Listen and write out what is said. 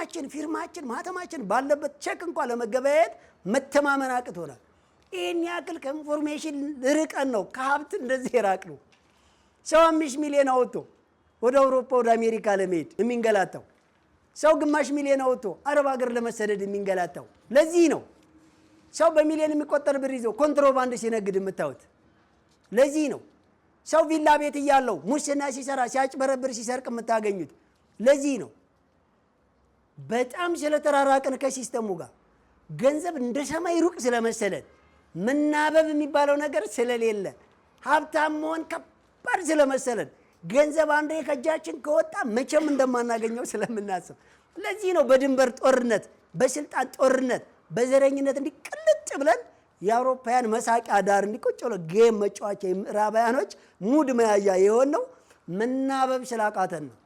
ስማችን፣ ፊርማችን፣ ማተማችን ባለበት ቼክ እንኳ ለመገበያየት መተማመን አቅቶናል። ይህን ያክል ከኢንፎርሜሽን ርቀን ነው፣ ከሀብት እንደዚህ የራቅ ነው። ሰው አምስት ሚሊዮን አወጥቶ ወደ አውሮፓ ወደ አሜሪካ ለመሄድ የሚንገላታው ሰው ግማሽ ሚሊዮን አወጥቶ አረብ ሀገር ለመሰደድ የሚንገላታው ለዚህ ነው። ሰው በሚሊዮን የሚቆጠር ብር ይዞ ኮንትሮባንድ ሲነግድ የምታዩት ለዚህ ነው። ሰው ቪላ ቤት እያለው ሙስና ሲሰራ ሲያጭበረብር ሲሰርቅ የምታገኙት ለዚህ ነው። በጣም ስለተራራቅን ከሲስተሙ ጋር ገንዘብ እንደ ሰማይ ሩቅ ስለመሰለን መናበብ የሚባለው ነገር ስለሌለ ሀብታም መሆን ከባድ ስለመሰለን ገንዘብ አንዴ ከእጃችን ከወጣ መቼም እንደማናገኘው ስለምናስብ፣ ለዚህ ነው በድንበር ጦርነት፣ በስልጣን ጦርነት፣ በዘረኝነት እንዲቅልጭ ብለን የአውሮፓውያን መሳቂያ ዳር እንዲቆጭ ብሎ ጌም መጫወቻ ምዕራባውያኖች ሙድ መያዣ የሆነው መናበብ ስላቃተን ነው።